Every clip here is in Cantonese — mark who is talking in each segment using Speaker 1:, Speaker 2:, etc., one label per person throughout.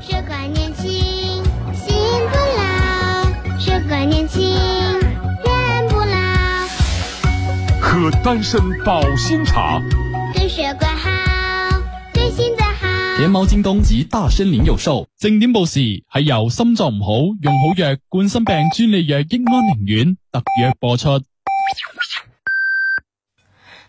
Speaker 1: 血管年輕，心不老；血管年輕，人不老。
Speaker 2: 喝丹參保心茶，
Speaker 1: 對血管好，對心臟
Speaker 2: 好。天貓京東及大森林有售。正點報時是係由心臟唔好用好藥冠心病專利藥益安寧丸特約播出。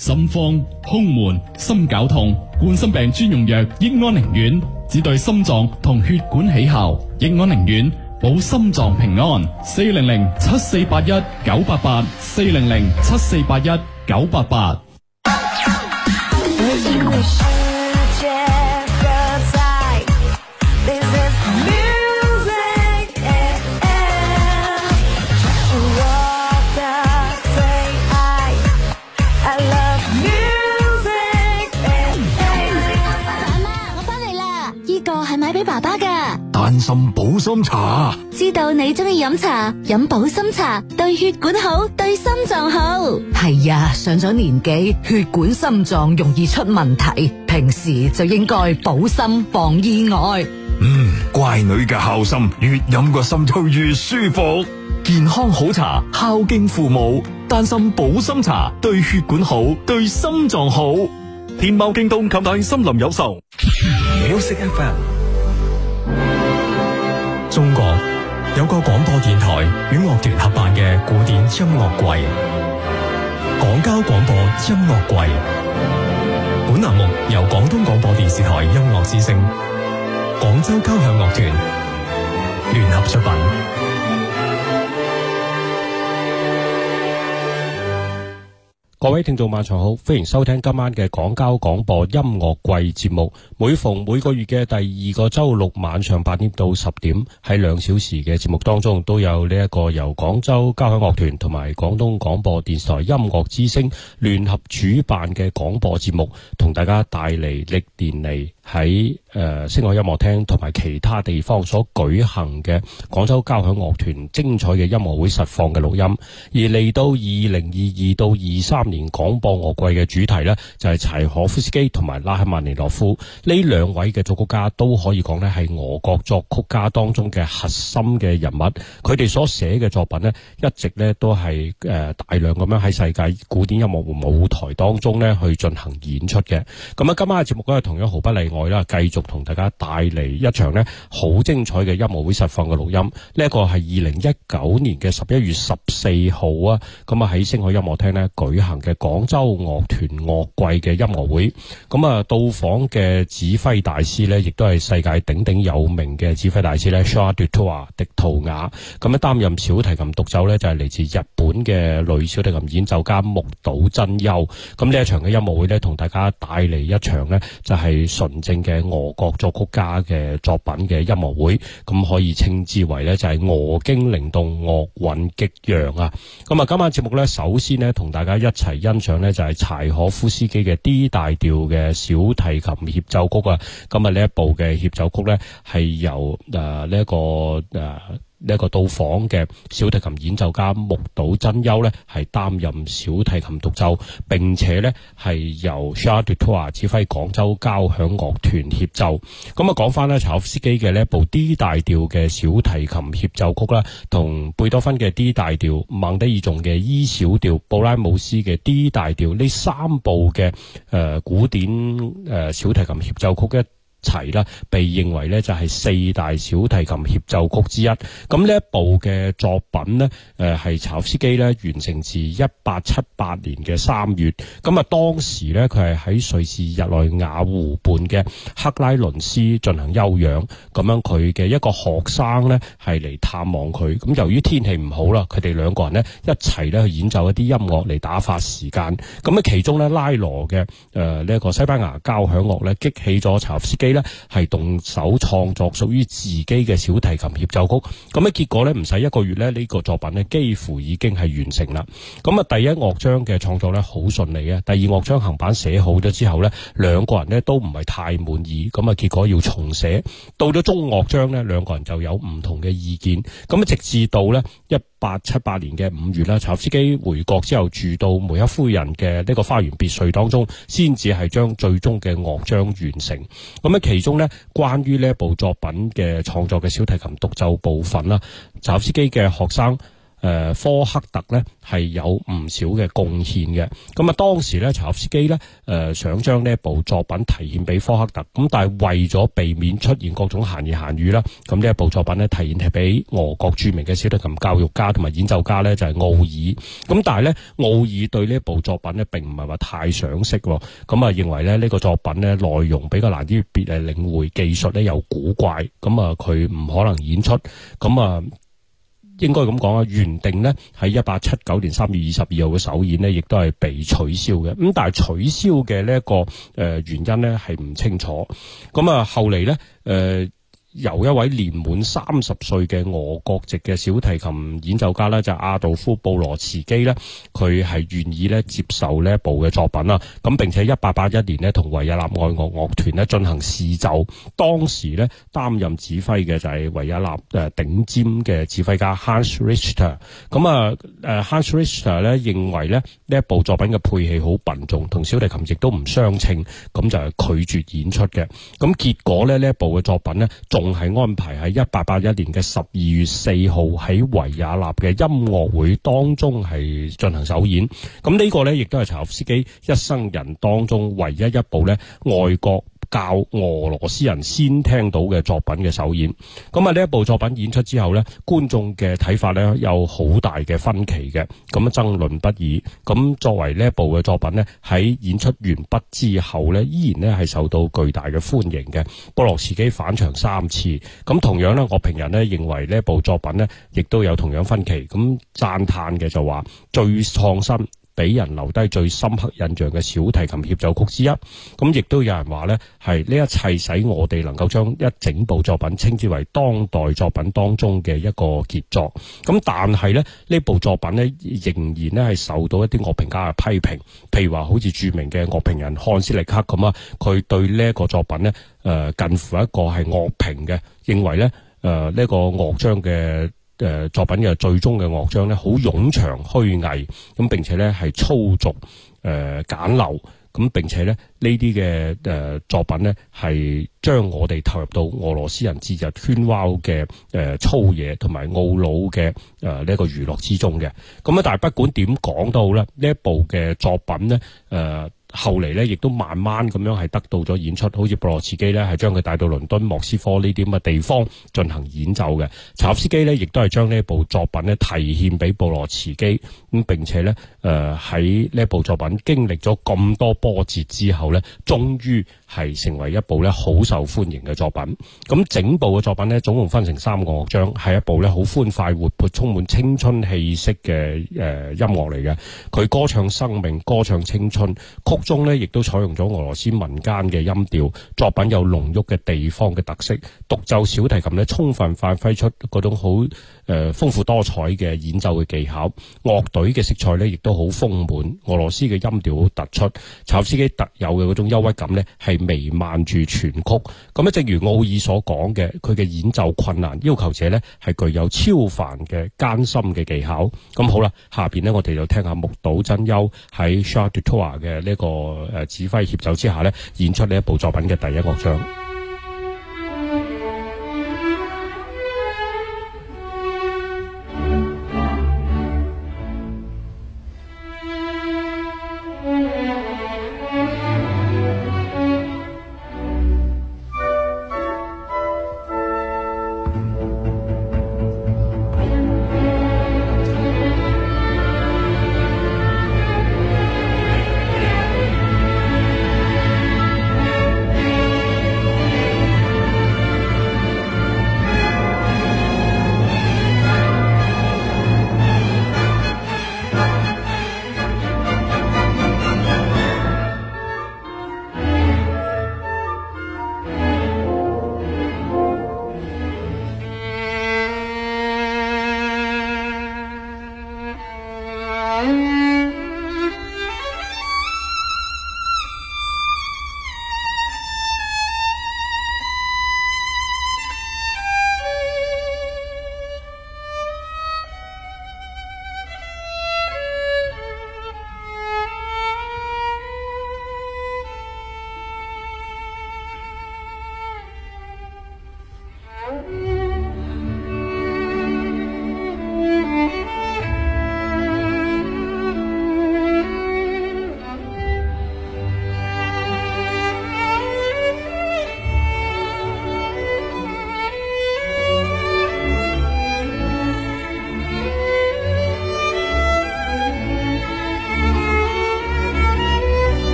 Speaker 2: 心慌、胸悶、心絞痛，冠心病專用藥益安寧丸，只對心臟同血管起效。益安寧丸保心臟平安。四零零七四八一九八八，四零零七四八一九八八。
Speaker 3: 爸爸噶
Speaker 4: 丹心保心茶，
Speaker 5: 知道你中意飲茶，飲保心茶對血管好，對心臟好。係啊，上咗年紀，血管心臟容易出問題，平時就應該保心防意外。
Speaker 4: 嗯，乖女嘅孝心，越飲個心就越舒服。健康好茶，孝敬父母，丹心保
Speaker 2: 心茶對血管好，對心臟好。天貓、京東及大森林有
Speaker 6: 售。 中國有個廣播電台與樂團合辦嘅古典音樂季——廣交廣播音樂季。本欄目由廣東廣播電視台音樂之聲、廣州交響樂團聯合出品。
Speaker 7: 各位聽眾，晚上好，歡迎收聽今晚嘅廣交廣播音樂季節目。每逢每個月嘅第二個周六晚上八點到十點，喺兩小時嘅節目當中，都有呢一個由廣州交響樂團同埋廣東廣播電視台音樂之聲聯合主辦嘅廣播節目，同大家帶嚟歷電嚟。喺誒、呃、星海音樂廳同埋其他地方所舉行嘅廣州交響樂團精彩嘅音樂會實況嘅錄音，而嚟到二零二二到二三年廣播樂季嘅主題咧，就係柴可夫斯基同埋拉赫曼尼諾夫呢兩位嘅作曲家都可以講咧係俄國作曲家當中嘅核心嘅人物，佢哋所寫嘅作品咧，一直咧都係誒、呃、大量咁樣喺世界古典音樂會舞台當中咧去進行演出嘅。咁啊，今晚嘅節目係同樣毫不例外啦，繼續同大家帶嚟一場呢好精彩嘅音樂會實況嘅錄音。呢一個係二零一九年嘅十一月十四號啊，咁啊喺星海音樂廳呢舉行嘅廣州樂團樂季嘅音樂會。咁啊到訪嘅指揮大師呢，亦都係世界鼎鼎有名嘅指揮大師呢 s h a w d a t o y a 迪圖雅。咁啊，擔任小提琴獨奏呢，就係、是、嚟自日本嘅女小提琴演奏家木島真優。咁呢一場嘅音樂會呢，同大家帶嚟一場呢，就係純正嘅俄國作曲家嘅作品嘅音樂會，咁可以稱之為咧就係俄經靈動，樂韻激揚啊！咁啊，今晚節目咧首先咧同大家一齊欣賞咧就係柴可夫斯基嘅 D 大調嘅小提琴協奏曲啊！咁啊呢一部嘅協奏曲咧係由誒呢一個誒。呃呢一個到訪嘅小提琴演奏家木島真優呢，係擔任小提琴獨奏，並且呢係由 s h a r d e t u a 指揮廣州交響樂團協奏。咁啊，講翻呢柴可夫斯基嘅呢部 D 大調嘅小提琴協奏曲啦，同貝多芬嘅 D 大調、孟德爾頌嘅 E 小調、布拉姆斯嘅 D 大調呢三部嘅誒、呃、古典誒、呃、小提琴協奏曲嘅齊啦，被認為咧就係四大小提琴協奏曲之一。咁呢一部嘅作品咧，誒係柴可夫斯基咧完成自一八七八年嘅三月。咁啊，當時咧佢係喺瑞士日內瓦湖畔嘅克拉倫斯進行休養，咁樣佢嘅一個學生咧係嚟探望佢。咁由於天氣唔好啦，佢哋兩個人咧一齊咧去演奏一啲音樂嚟打發時間，咁咧其中咧拉羅嘅誒呢一個西班牙交響樂咧激起咗柴可夫斯基，咧係動手創作屬於自己嘅小提琴協奏曲，咁啊結果呢唔使一個月呢，呢、呢個作品咧幾乎已經係完成啦。咁啊第一樂章嘅創作呢，好順利啊，第二樂章行板寫好咗之後呢，兩個人咧都唔係太滿意，咁啊結果要重寫。到咗中樂章呢，兩個人就有唔同嘅意見，咁直至到呢。一。八七八年嘅五月啦，柴可夫斯基回國之後，住到梅克夫人嘅呢個花園別墅當中，先至係將最終嘅樂章完成。咁咧，其中咧關於呢部作品嘅創作嘅小提琴獨奏部分啦，柴可夫斯基嘅學生。誒、呃、科克特咧係有唔少嘅貢獻嘅，咁、嗯、啊當時咧柴可夫斯基咧誒想將呢一部作品提獻俾科克特，咁但係為咗避免出現各種閒言閒語啦，咁呢一部作品咧提獻係俾俄國著名嘅小提琴教育家同埋演奏家咧就係、是、奧爾，咁、嗯、但係咧奧爾對呢一部作品咧並唔係話太賞識喎，咁、嗯、啊認為咧呢、這個作品咧內容比較難啲別嚟領會，技術咧又古怪，咁、嗯、啊佢唔可能演出，咁、嗯、啊。應該咁講啊，原定呢喺一八七九年三月二十二號嘅首演呢，亦都係被取消嘅。咁但係取消嘅呢一個誒原因呢，係唔清楚。咁啊後嚟呢。誒、呃。由一位年滿三十歲嘅俄國籍嘅小提琴演奏家咧，就係、阿道夫·布羅茨基咧，佢係願意咧接受呢一部嘅作品啦。咁並且一八八一年咧，同維也納愛樂樂團咧進行試奏。當時咧擔任指揮嘅就係維也納誒頂尖嘅指揮家 Richt、er、Hans Richter。咁啊誒 Hans Richter 咧認為咧呢一部作品嘅配器好笨重，同小提琴亦都唔相稱，咁就係拒絕演出嘅。咁結果咧呢一部嘅作品咧，仲仲係安排喺一八八一年嘅十二月四號喺維也納嘅音樂會當中係進行首演，咁呢個咧亦都係柴可夫斯基一生人當中唯一一部咧外國。教俄羅斯人先聽到嘅作品嘅首演，咁啊呢一部作品演出之後呢，觀眾嘅睇法呢，有好大嘅分歧嘅，咁樣爭論不已。咁作為呢一部嘅作品呢，喺演出完畢之後呢，依然呢係受到巨大嘅歡迎嘅。波洛茨基返場三次，咁同樣呢，樂評人呢認為呢一部作品呢亦都有同樣分歧。咁讚嘆嘅就話最創新。俾人留低最深刻印象嘅小提琴協奏曲之一，咁亦都有人話咧，係呢一切使我哋能夠將一整部作品稱之為當代作品當中嘅一個傑作。咁但係咧，呢部作品咧仍然咧係受到一啲樂評家嘅批評，譬如話好似著名嘅樂評人漢斯力克咁啊，佢對呢一個作品咧，誒、呃，近乎一個係惡評嘅，認為咧誒，呢、呃這個樂章嘅。嘅作品嘅最終嘅樂章咧，好冗長虛偽，咁並且咧係粗俗誒簡陋，咁並且咧呢啲嘅誒作品咧係將我哋投入到俄羅斯人節日圈繞嘅誒粗野同埋懊惱嘅誒呢一個娛樂之中嘅，咁啊但係不管點講都好咧，呢一部嘅作品咧誒。呃後嚟咧，亦都慢慢咁樣係得到咗演出，好似布羅茨基咧，係將佢帶到倫敦、莫斯科呢啲咁嘅地方進行演奏嘅。柴可夫斯基呢，亦都係將呢部作品咧提獻俾布羅茨基，咁並且咧，誒喺呢部作品經歷咗咁多波折之後咧，終於。係成為一部咧好受歡迎嘅作品，咁整部嘅作品呢總共分成三個樂章，係一部咧好歡快活潑、充滿青春氣息嘅誒音樂嚟嘅。佢歌唱生命，歌唱青春，曲中呢亦都採用咗俄羅斯民間嘅音調，作品有濃郁嘅地方嘅特色。獨奏小提琴呢，充分發揮出嗰種好。誒豐富多彩嘅演奏嘅技巧，樂隊嘅色彩呢亦都好豐滿，俄羅斯嘅音調好突出，柴可夫斯基特有嘅嗰種憂鬱感呢係瀰漫住全曲。咁咧，正如奧爾所講嘅，佢嘅演奏困難要求者呢係具有超凡嘅艱深嘅技巧。咁好啦，下面呢我哋就聽下木島真優喺 Charles Dutoit 嘅呢個誒指揮協奏之下呢演出呢一部作品嘅第一樂章。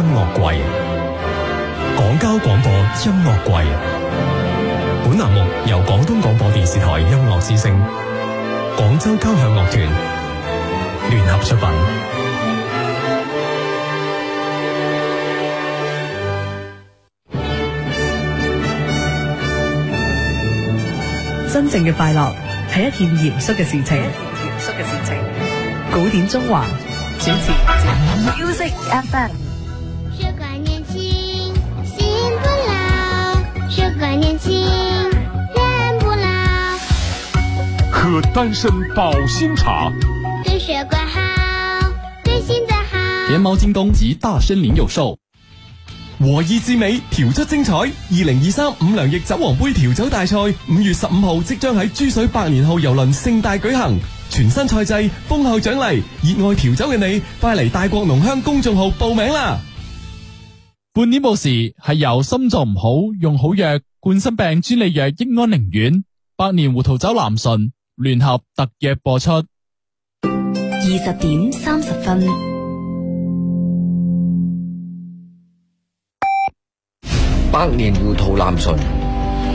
Speaker 6: 音樂季，廣交廣播音樂季，本欄目由廣東廣播電視台音樂之聲、廣州交響樂團聯合出品。
Speaker 5: 真正嘅快樂係一件嚴肅嘅事情，嚴肅嘅事情。 古典縱橫主持，嗯
Speaker 3: ，Music FM。
Speaker 4: 單
Speaker 2: 身保心茶，
Speaker 1: 對血管好，對心臟好。
Speaker 2: 天貓京東及大森林有售。和意至美調出精彩，二零二
Speaker 6: 三五糧液酒王杯調酒大賽五月十五號即將喺珠水百年號遊輪盛大舉行。全新賽制，豐厚獎勵，熱愛調酒嘅你，快嚟大國濃香
Speaker 2: 公眾號報名啦！半年報時係由心臟唔好用好藥，冠心病專利藥益安寧丸，百年胡桃酒南順聯合特約播出，
Speaker 5: 二十點三十分。
Speaker 2: 百年糊塗
Speaker 4: 南巡，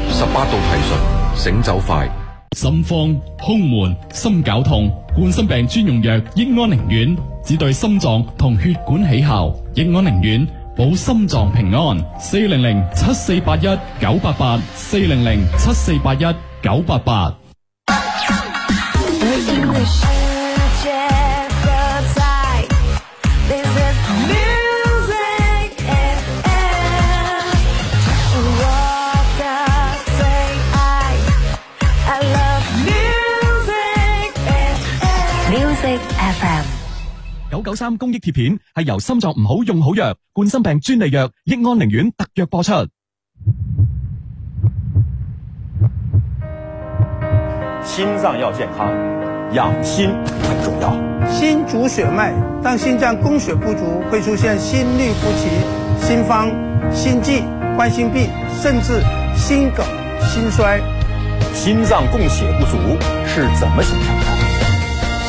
Speaker 4: 十八度提順醒酒快。
Speaker 2: 心慌胸悶、心絞痛、冠心病專用藥益安寧丸，只對心臟同血管起效。益安寧丸保心臟平安。四零零七四八一九八八，四零零七四八一九八八。
Speaker 6: 九九三公益貼片係由心臟唔好用好藥，冠心病專利藥益安寧丸特約播出。心臟要健康，養心很重要。
Speaker 4: 心主血脈，當心臟供血不足，會出現心律不齊、心慌、心悸、冠心病，甚至心梗、心衰。心臟供血不足是怎麼形成的？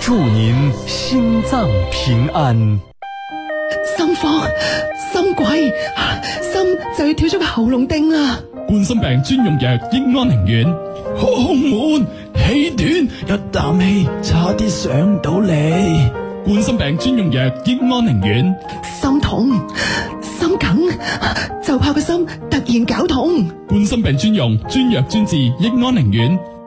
Speaker 4: 祝您心臟平安。
Speaker 5: 心慌、心悸、心就要跳出個喉嚨叮啦。
Speaker 2: 冠心病專用藥益安寧丸。胸悶、氣短，一啖氣差啲上唔到嚟。冠心病專用藥益安寧丸。
Speaker 5: 心痛、心梗，就怕個心突然絞痛。
Speaker 2: 冠心病專用專藥專治益安寧丸。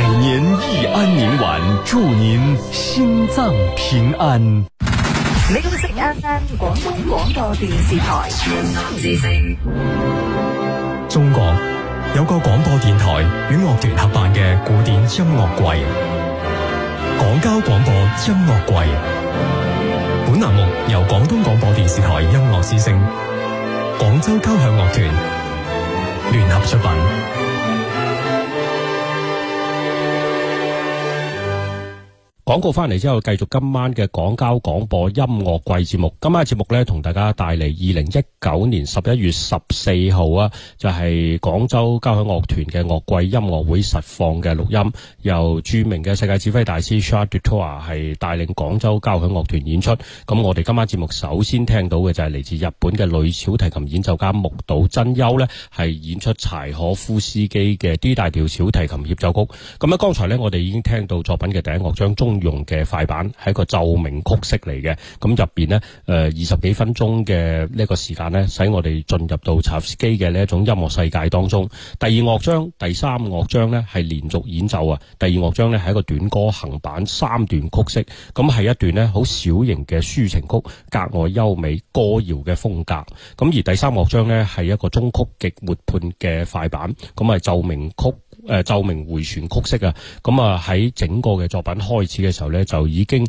Speaker 6: 百年
Speaker 4: 益安寧丸，祝您心臟平安。
Speaker 6: 中國有個廣播電台與樂團合辦的古典音樂季——廣交廣播音樂季。本欄目由廣東廣播電視台《音樂之聲》、廣州交響樂團聯合出品。
Speaker 7: 廣告翻嚟之後，繼續今晚嘅廣交廣播音樂季節目。今晚節目呢，同大家帶嚟二零一九年十一月十四號啊，就係、是、廣州交響樂團嘅樂季音樂會實況嘅錄音，由著名嘅世界指揮大師 Charles Dutoit 係帶領廣州交響樂團演出。咁我哋今晚節目首先聽到嘅就係嚟自日本嘅女小提琴演奏家木島真優呢係演出柴可夫斯基嘅 D 大調小提琴協奏曲。咁咧剛才呢，我哋已經聽到作品嘅第一樂章中。用嘅快板係一個奏鳴曲式嚟嘅，咁入邊呢，誒二十幾分鐘嘅呢個時間呢，使我哋進入到插機嘅呢一種音樂世界當中。第二樂章、第三樂章呢，係連續演奏啊。第二樂章呢，係一個短歌行板、三段曲式，咁係一段呢，好小型嘅抒情曲，格外優美歌謠嘅風格。咁而第三樂章呢，係一個中曲極活潑嘅快板，咁係奏鳴曲。誒奏鳴回旋曲式啊，咁啊喺整個嘅作品開始嘅時候咧，就已經誒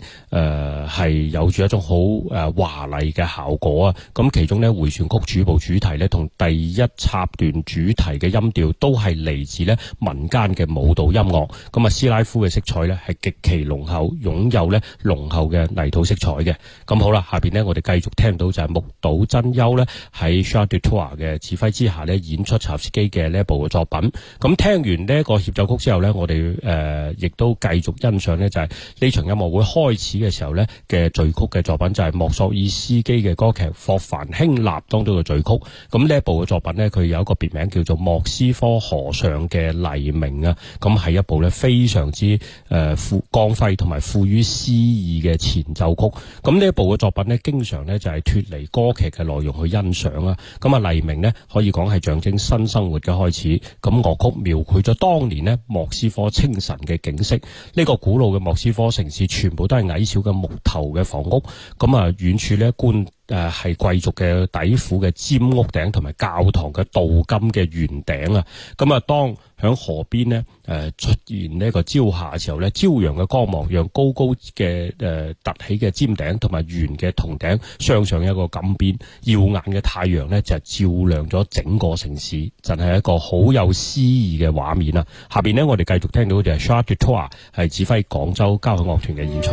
Speaker 7: 係、呃、有住一種好誒、呃、華麗嘅效果啊！咁、啊、其中咧回旋曲主部主題咧，同第一插段主題嘅音調都係嚟自咧民間嘅舞蹈音樂。咁啊，斯拉夫嘅色彩咧係極其濃厚，擁有咧濃厚嘅泥土色彩嘅。咁、啊、好啦，下邊咧我哋繼續聽到就係木島真優咧喺 Short Tour 嘅指揮之下咧演出柴可夫斯基嘅呢一部嘅作品。咁、啊、聽完，呢一個協奏曲之後咧，我哋誒亦都繼續欣賞咧，就係、是、呢場音樂會開始嘅時候咧嘅序曲嘅作品、就是，就係莫索爾斯基嘅歌劇《霍凡興納》當中嘅序曲。咁、嗯、呢一部嘅作品咧，佢有一個別名叫做《莫斯科河上嘅黎明》啊。咁、嗯、係一部咧非常之誒富、呃、光輝同埋富於詩意嘅前奏曲。咁、嗯、呢一部嘅作品咧，經常咧就係、是、脫離歌劇嘅內容去欣賞啊。咁、嗯、啊黎明咧可以講係象徵新生活嘅開始。咁、嗯、樂曲描繪咗。當年呢莫斯科清晨嘅景色，呢個古老嘅莫斯科城市全部都係矮小嘅木頭嘅房屋，咁啊遠處呢觀。誒係、呃、貴族嘅底褲嘅尖屋頂，同埋教堂嘅鍍金嘅圓頂啊！咁、嗯、啊，當響河邊咧，誒、呃、出現呢一個朝霞嘅時候呢，朝陽嘅光芒讓高高嘅誒、呃、凸起嘅尖頂同埋圓嘅銅頂，鑲上一個金邊，耀眼嘅太陽呢，就係照亮咗整個城市，就係一個好有詩意嘅畫面啦、啊！下邊呢，我哋繼續聽到就係 Charles Dutoit 係指揮廣州交響樂團嘅演出。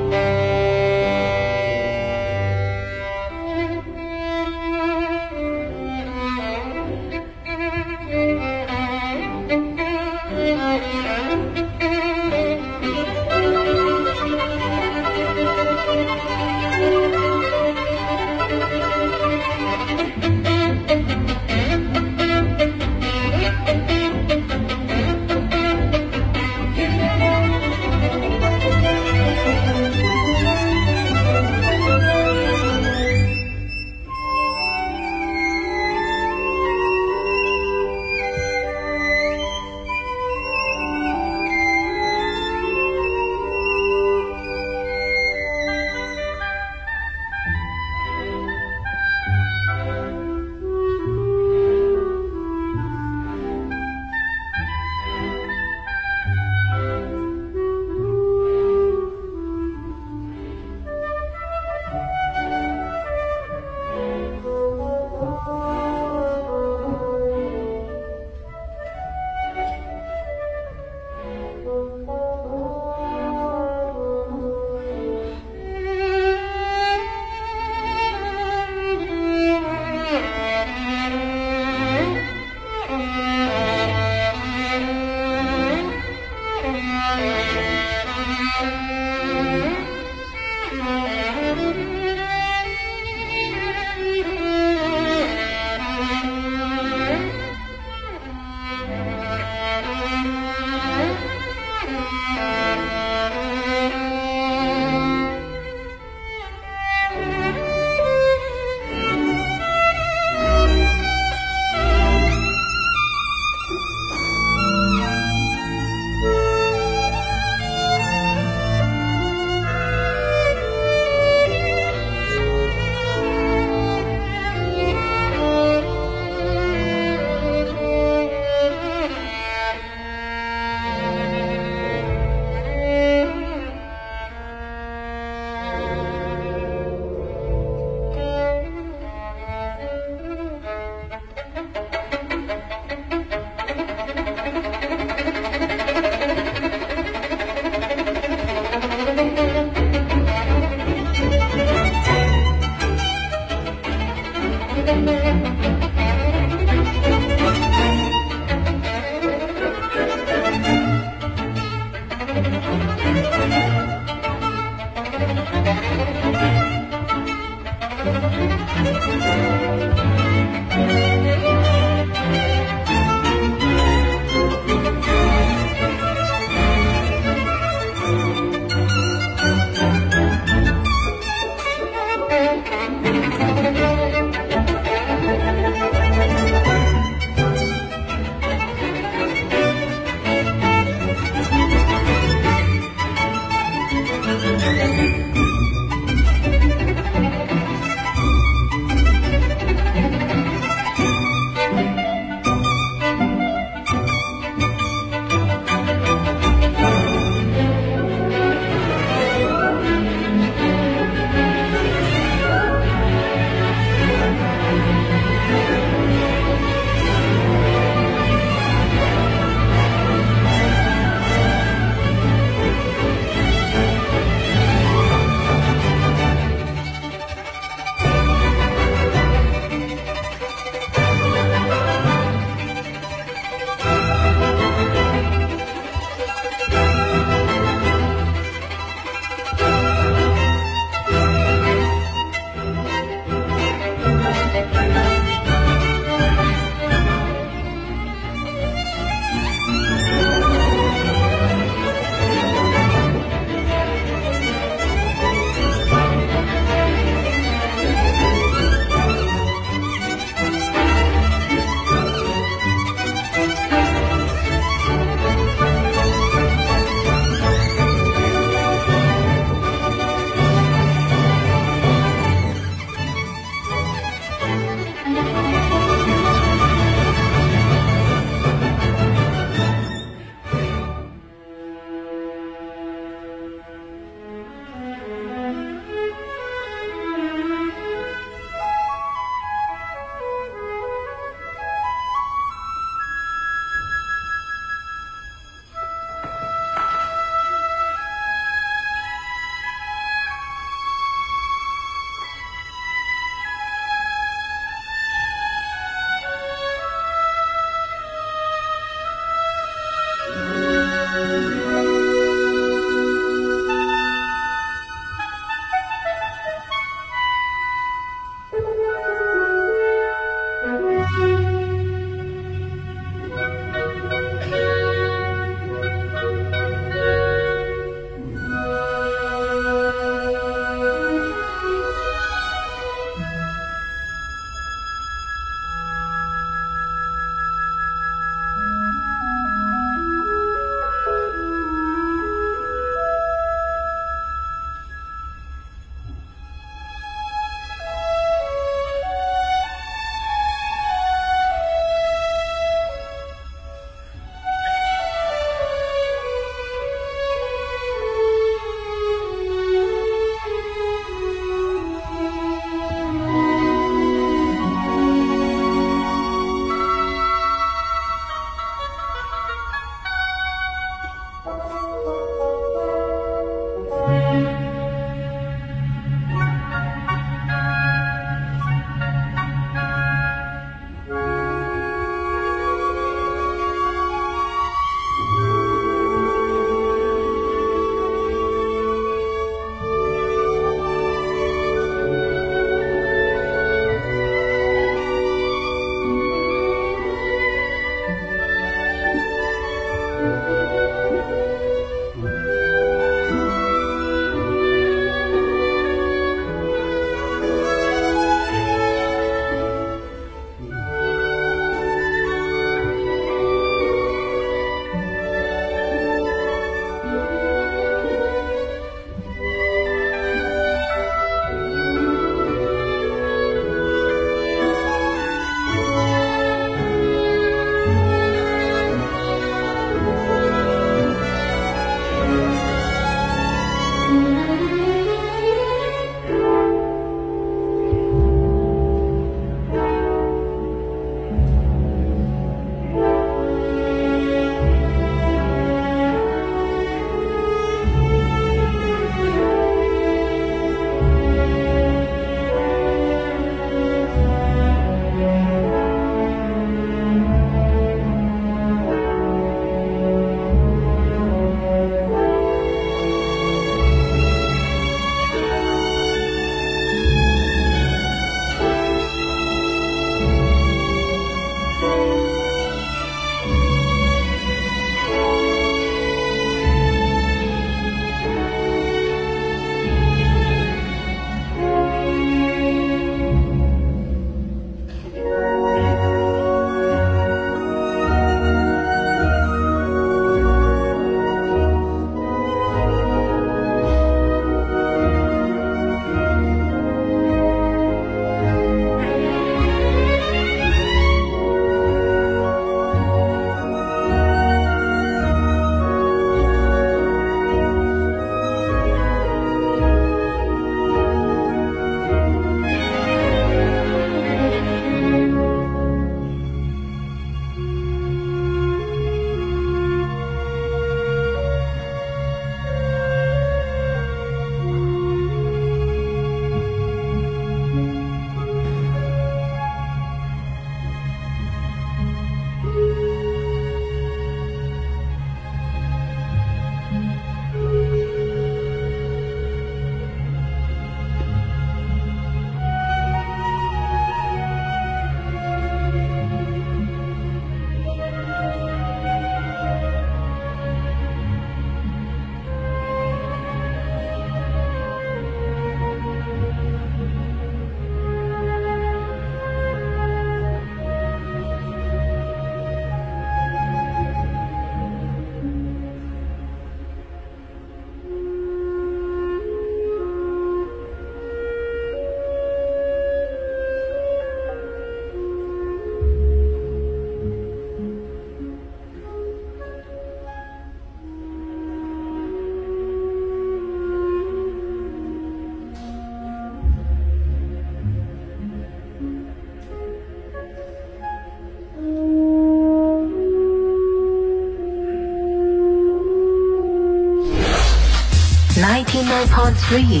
Speaker 3: eighty nine point three。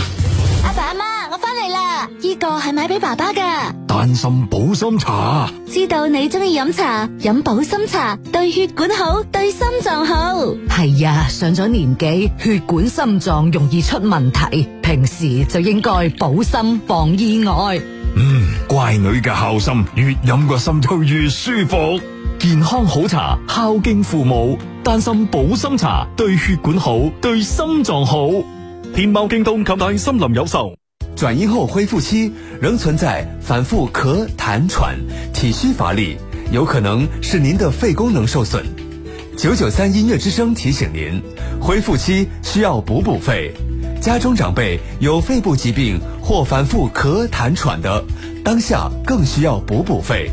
Speaker 3: 阿爸阿媽，我翻嚟啦！依個係買俾爸爸噶。
Speaker 4: 丹心保心茶，
Speaker 5: 知道你中意飲茶，飲保心茶對血管好，對心臟好。係啊，上咗年紀，血管心臟容易出問題，平時就應該保心防意外。
Speaker 4: 嗯，乖女嘅孝心，越飲個心就越舒服，健康好茶孝敬父母。丹心保心茶對血管好，對心臟好。天貓、京東購買森林有售。轉陰後恢復期仍存在反復咳、痰、喘、體虛乏力，有可能是您的肺功能受損。九九三音樂之聲提醒您，恢復期需要補補肺。家中長輩有肺部疾病或反復咳、痰、喘的，當下更需要補補肺。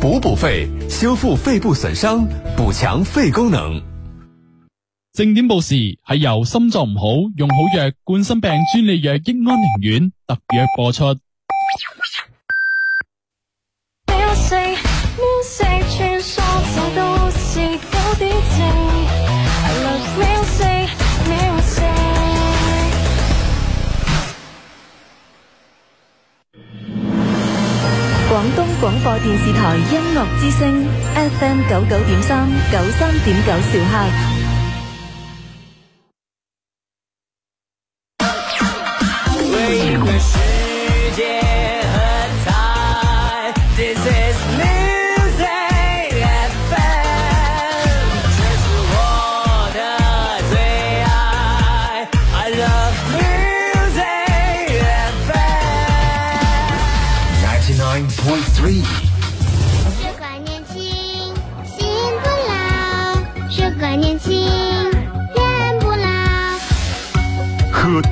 Speaker 2: 補補肺，修復肺部損傷，補強肺功能。正點報時係由心臟唔好用好藥，冠心病專利藥益安寧丸特約播出。
Speaker 5: 廣東廣播電視台音樂之聲 FM 九九點三九三點九兆赫。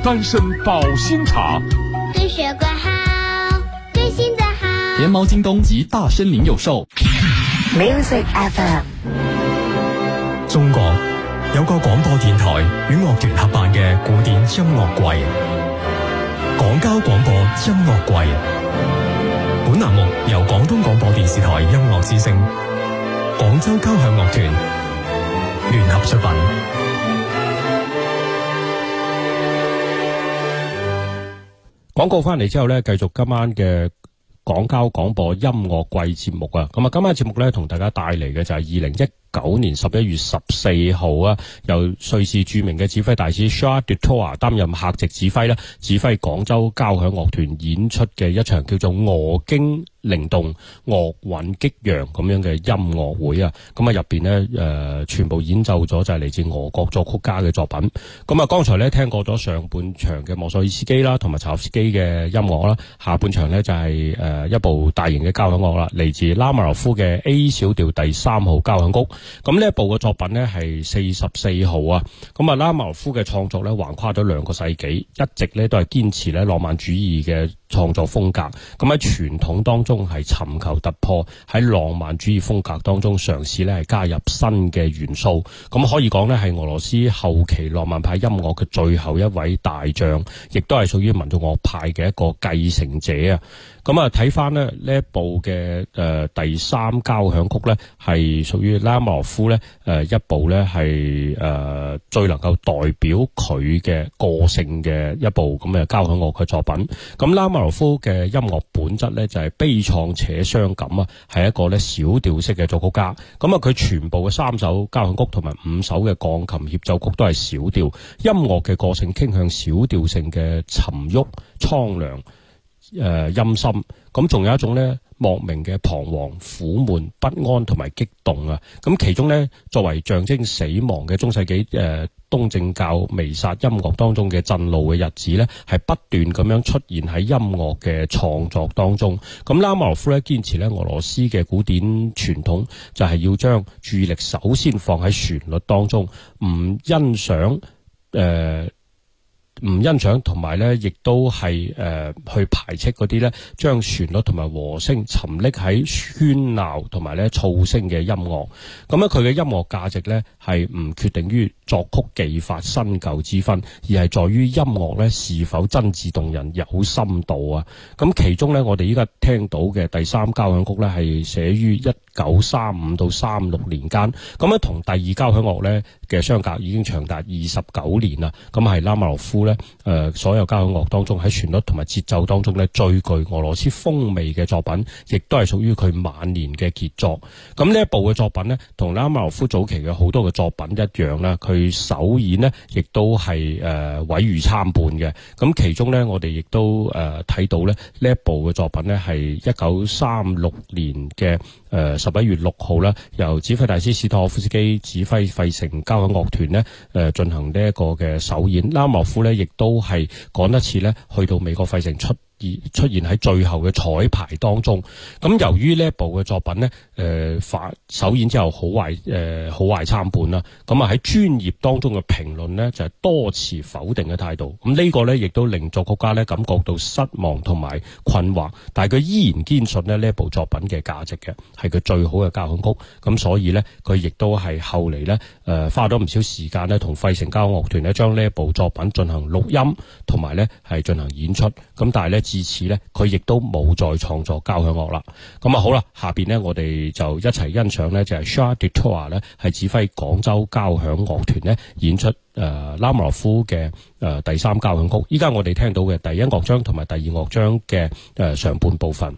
Speaker 2: 單身保心茶，
Speaker 1: 對血管好，對心臟好。
Speaker 2: 天貓京東及大森林有
Speaker 6: 售。
Speaker 3: Music FM。
Speaker 6: 中國有個廣播電台，與樂團合辦嘅古典音樂季——廣交廣播音樂季。本欄目由廣東廣播電視台音樂之聲、廣州交響樂團聯合出品。
Speaker 7: 廣告翻嚟之後呢，繼續今晚嘅廣交廣播音樂季節目啊！咁啊，今晚節目呢同大家帶嚟嘅就係二零一九年十一月十四號啊，由瑞士著名嘅指揮大師 Charles Dutoit 擔任客席指揮啦，指揮廣州交響樂團演出嘅一場叫做《俄經靈動》《樂韻激揚》咁樣嘅音樂會啊。咁啊入邊咧誒，全部演奏咗就係嚟自俄國作曲家嘅作品。咁啊，剛才咧聽過咗上半場嘅莫索爾斯基啦，同埋柴可夫斯基嘅音樂啦，下半場咧就係誒一部大型嘅交響樂啦，嚟自拉馬羅夫嘅 A 小調第三號交響曲。咁呢一部嘅作品呢，係四十四號啊，咁啊拉茅夫嘅創作呢，橫跨咗兩個世紀，一直呢都係堅持咧浪漫主義嘅創作風格，咁喺傳統當中係尋求突破，喺浪漫主義風格當中嘗試咧係加入新嘅元素，咁可以講呢，係俄羅斯後期浪漫派音樂嘅最後一位大將，亦都係屬於民族樂派嘅一個繼承者啊。咁啊，睇翻咧呢一部嘅誒、呃、第三交響曲咧，係屬於拉莫羅夫咧誒、呃、一部咧係誒最能夠代表佢嘅個性嘅一部咁嘅交響樂嘅作品。咁拉莫羅夫嘅音樂本質咧就係、是、悲愴且傷感啊，係一個咧小調式嘅作曲家。咁、嗯、啊，佢全部嘅三首交響曲同埋五首嘅鋼琴協奏曲都係小調，音樂嘅個性傾向小調性嘅沉鬱蒼涼。誒陰、呃、森，咁仲有一種咧，莫名嘅彷徨、苦悶、不安同埋激動啊！咁其中咧，作為象徵死亡嘅中世紀誒、呃、東正教彌撒音樂當中嘅震怒嘅日子咧，係不斷咁樣出現喺音樂嘅創作當中。咁拉莫夫咧堅持咧，俄羅斯嘅古典傳統就係要將注意力首先放喺旋律當中，唔欣賞誒。呃唔欣賞同埋咧，亦都係誒、呃、去排斥嗰啲咧，將旋律同埋和聲沉溺喺喧鬧同埋咧噪聲嘅音樂。咁、嗯、咧，佢嘅音樂價值咧係唔決定於作曲技法新舊之分，而係在於音樂咧是否真摯動人、有深度啊。咁、嗯、其中咧，我哋依家聽到嘅第三交響曲咧，係寫於一九三五到三六年間，咁樣同第二交響樂咧嘅相隔已經長達二十九年啦。咁係拉馬羅夫咧，誒所有交響樂當中喺旋律同埋節奏當中咧最具俄羅斯風味嘅作品，亦都係屬於佢晚年嘅傑作。咁呢一部嘅作品咧，同拉馬羅夫早期嘅好多嘅作品一樣啦，佢首演咧亦都係誒毀譽參半嘅。咁其中咧，我哋亦都誒睇、呃、到咧呢一部嘅作品咧，係一九三六年嘅誒。十一月六號咧，由指揮大師史托克夫斯基指揮費城交響樂團咧，誒進行呢一個嘅首演。拉莫夫咧，亦都係趕一次咧，去到美國費城出。而出現喺最後嘅彩排當中，咁由於呢一部嘅作品咧，誒、呃、發首演之後好壞誒好壞參半啦，咁啊喺專業當中嘅評論咧就係、是、多次否定嘅態度，咁呢個咧亦都令作曲家咧感覺到失望同埋困惑，但係佢依然堅信咧呢部作品嘅價值嘅係佢最好嘅交響曲，咁所以咧佢亦都係後嚟咧誒花咗唔少時間咧同費城交響樂團咧將呢一部作品進、呃、行錄音同埋咧係進行演出，咁但係咧。至此咧，佢亦都冇再創作交響樂啦。咁啊好啦，下邊咧我哋就一齊欣賞咧，就係 Charles Dutoit 咧係指揮廣州交響樂團咧演出誒、呃、拉莫夫嘅誒、呃、第三交響曲。依家我哋聽到嘅第一樂章同埋第二樂章嘅誒、呃、上半部分。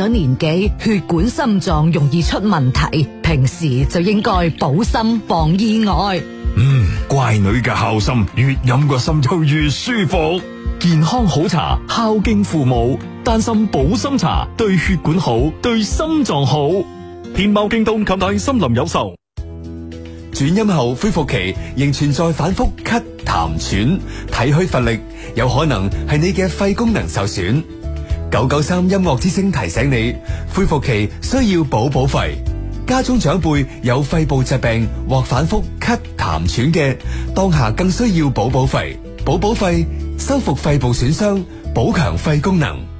Speaker 5: 咗年紀，血管心臟容易出問題，平時就應該補心防意
Speaker 4: 外。嗯，乖女嘅孝心，越飲個心就越舒服。健康好茶，孝敬父母，丹參補心茶對血管好，對心臟好。天貓京東，近代森林有售。轉陰後恢復期仍存在反復咳痰喘、體虛乏力，有可能係你嘅肺功能受損。九九三音樂之聲提醒你：恢復期需要補補肺。家中長輩有肺部疾病或反復咳痰喘嘅，當下更需要補補肺。補補肺，修復肺部損傷，補強肺功能。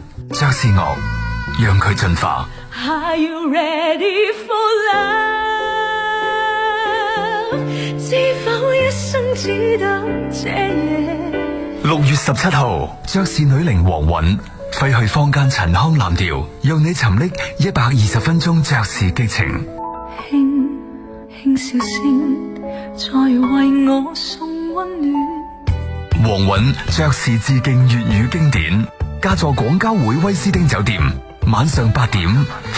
Speaker 4: 爵士樂，讓佢進化。
Speaker 3: Are you ready for love？知否，一生只等這夜。
Speaker 4: 六月十七號，爵士女伶黃韻廢去坊間陳腔濫調，讓你沉溺一百二十分鐘爵士激情。
Speaker 3: 輕輕笑聲，在為我送溫暖。
Speaker 4: 黃韻爵士致敬粵語經典。家座廣交會威斯汀酒店，晚上八點，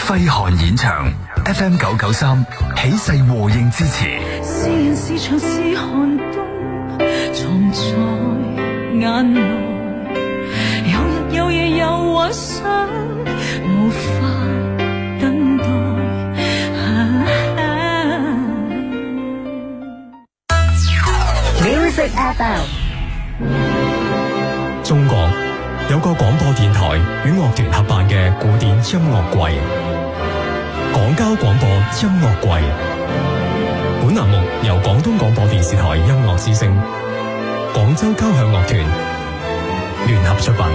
Speaker 4: 揮汗演唱，FM 九九三，起勢和應支持。
Speaker 3: 時人是牆是寒冬，藏在眼內有日有夜有幻想，無法等待。啊
Speaker 6: 啊有個廣播電台與樂團合辦嘅古典音樂季——廣交廣播音樂季，本欄目由廣東廣播電視台音樂之聲、廣州交
Speaker 7: 響樂團聯合出品。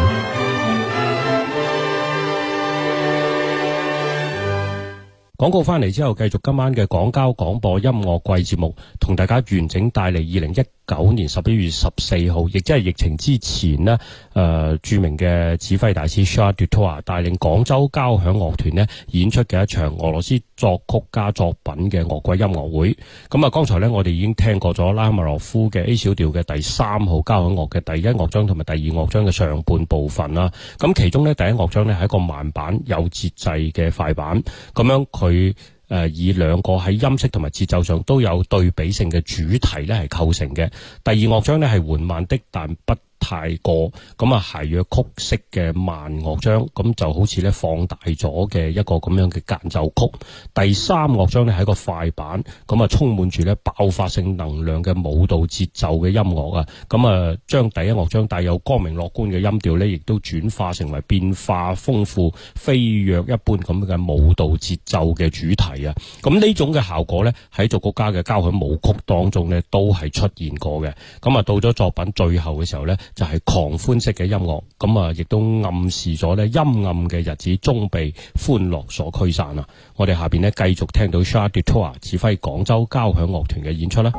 Speaker 7: 廣告翻嚟之後，繼續今晚嘅廣交廣播音樂季節目，同大家完整帶嚟二零一。九年十一月十四號，亦即係疫情之前呢，誒、呃、著名嘅指揮大師 Charles Dutoit 帶領廣州交響樂團呢演出嘅一場俄羅斯作曲家作品嘅俄國音樂會。咁、嗯、啊，剛才呢，我哋已經聽過咗拉赫曼尼諾夫嘅 A 小調嘅第三號交響樂嘅第一樂章同埋第二樂章嘅上半部分啦。咁、嗯、其中呢，第一樂章呢係一個慢板有節制嘅快板，咁樣佢。誒以兩個喺音色同埋節奏上都有對比性嘅主題咧係構成嘅，第二樂章咧係緩慢的，但不。太過咁啊，諧謔曲式嘅慢樂章咁就好似咧放大咗嘅一個咁樣嘅間奏曲。第三樂章咧係一個快板，咁啊充滿住咧爆發性能量嘅舞蹈節奏嘅音樂啊。咁啊，將第一樂章帶有光明樂觀嘅音調咧，亦都轉化成為變化豐富、飛躍一般咁嘅舞蹈節奏嘅主題啊。咁呢種嘅效果咧，喺作曲家嘅交響舞曲當中咧都係出現過嘅。咁啊，到咗作品最後嘅時候咧。就係狂歡式嘅音樂，咁啊，亦都暗示咗咧陰暗嘅日子終被歡樂所驅散啦！我哋下邊咧繼續聽到 Charles Dutoit 指揮廣州交響樂團嘅演出啦。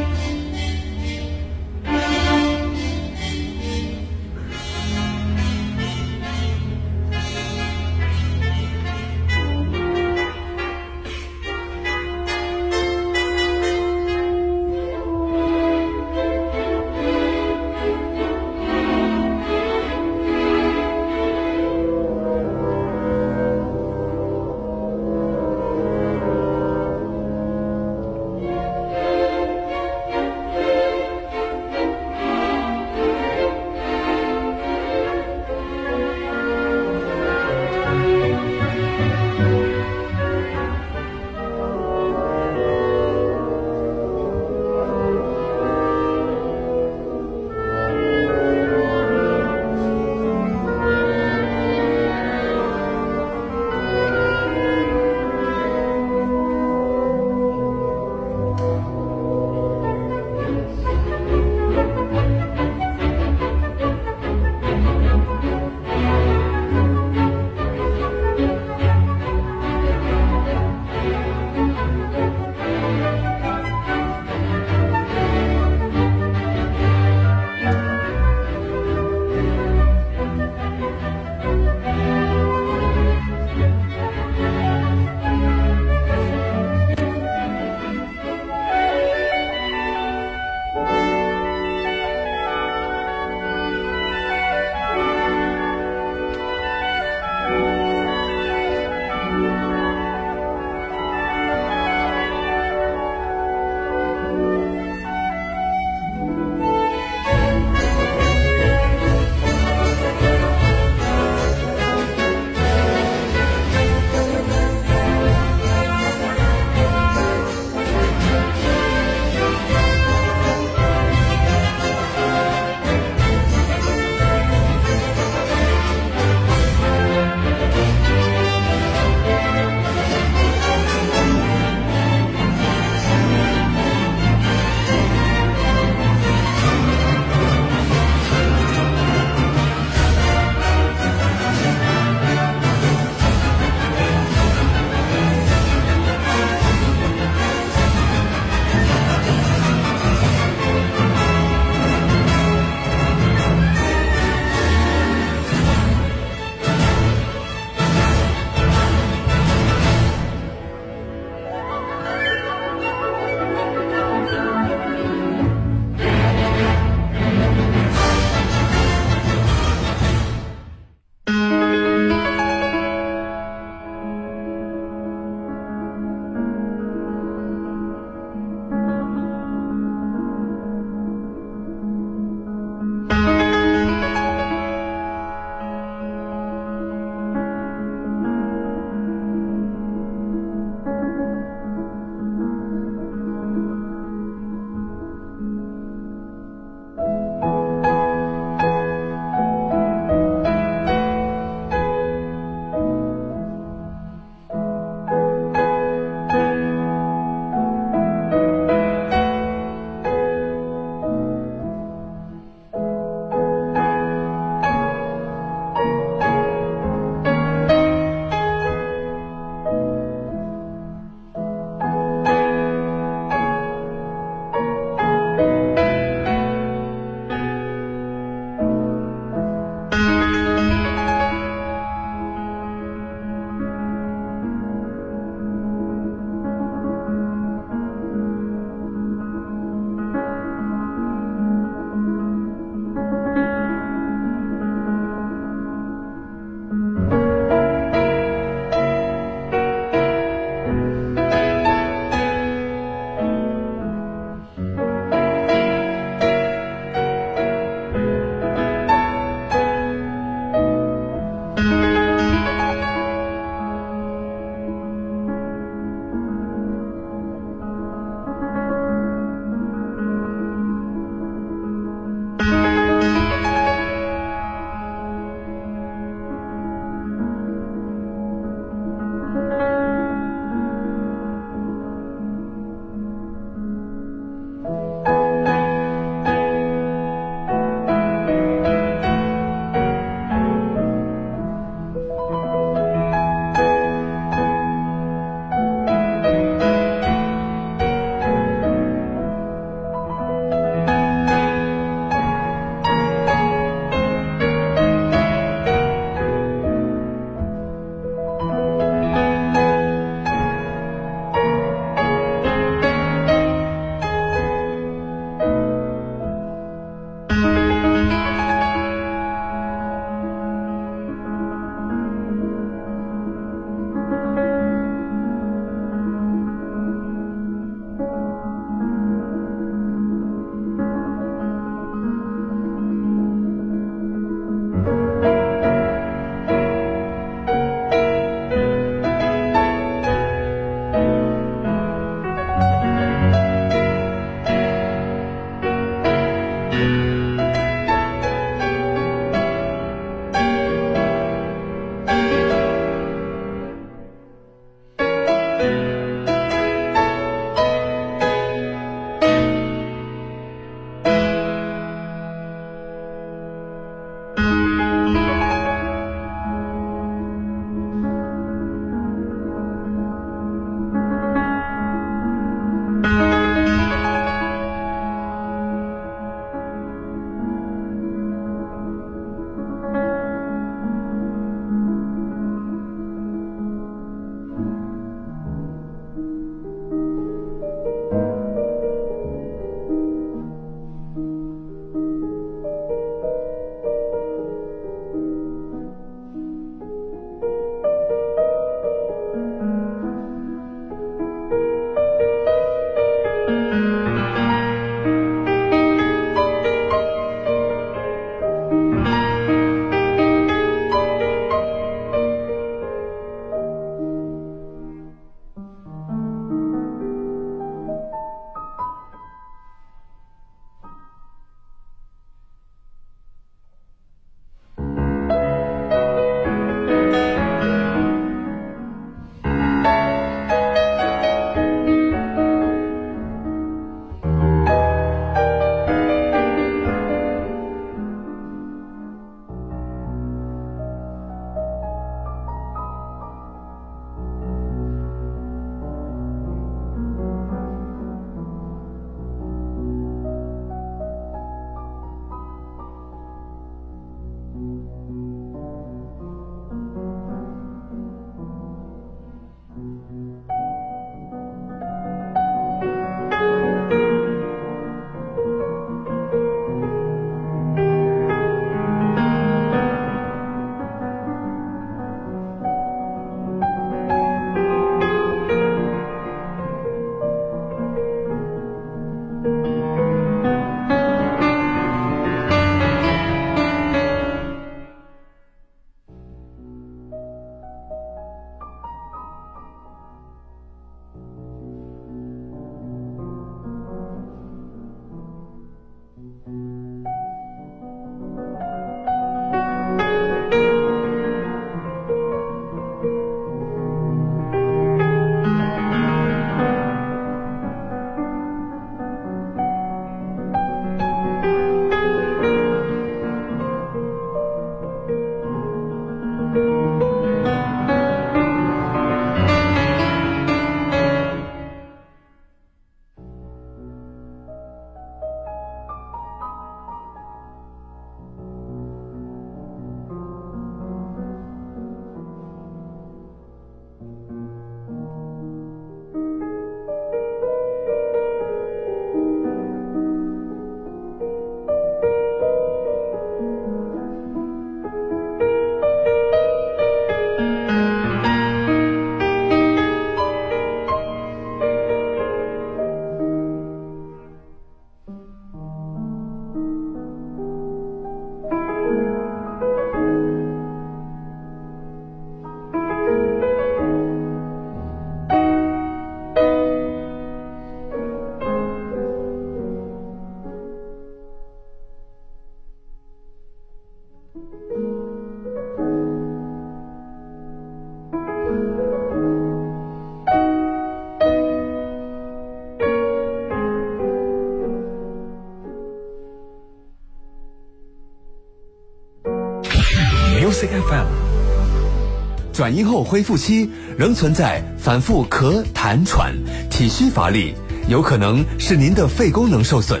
Speaker 4: 反應後恢復期仍存在反覆咳痰喘、體虛乏力，有可能是您的肺功能受損。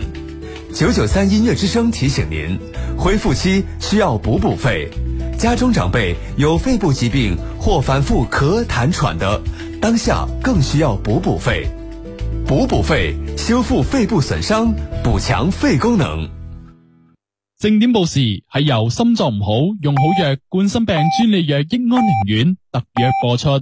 Speaker 4: 九九三音樂之聲提醒您，恢復期需要補補肺。家中長輩有肺部疾病或反覆咳痰喘的，當下更需要補補肺。
Speaker 2: 補補肺，修復肺部損傷，補強肺功能。定點報時係由心臟唔好用好藥，冠心病專利藥益安寧丸特約播出。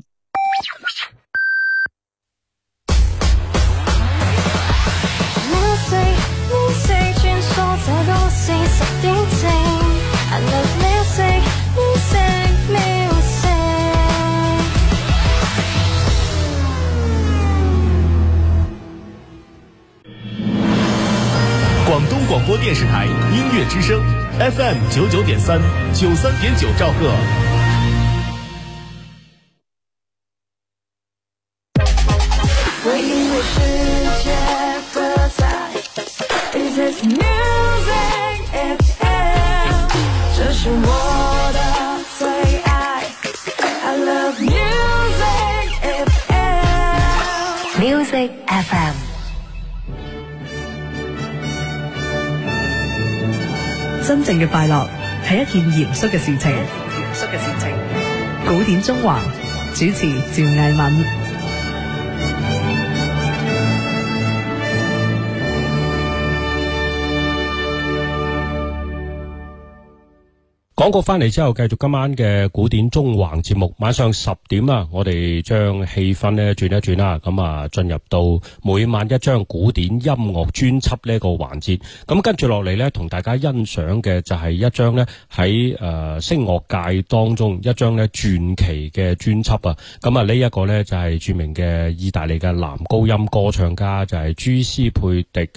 Speaker 4: 廣東廣播電視台。音樂之聲，FM 九九點三，九三點九兆赫。
Speaker 5: 正嘅快樂係一件嚴肅嘅事情。嚴肅嘅事情，古典縱橫主持趙藝敏。
Speaker 7: 講過翻嚟之後，繼續今晚嘅古典縱橫節目。晚上十點啊，我哋將氣氛咧轉一轉啦。咁啊，進入到每晚一張古典音樂專輯呢個環節。咁跟住落嚟呢，同大家欣賞嘅就係一張呢喺誒聲樂界當中一張咧傳奇嘅專輯啊。咁、嗯、啊，呢、這、一個呢，就係著名嘅意大利嘅男高音歌唱家，就係朱斯佩迪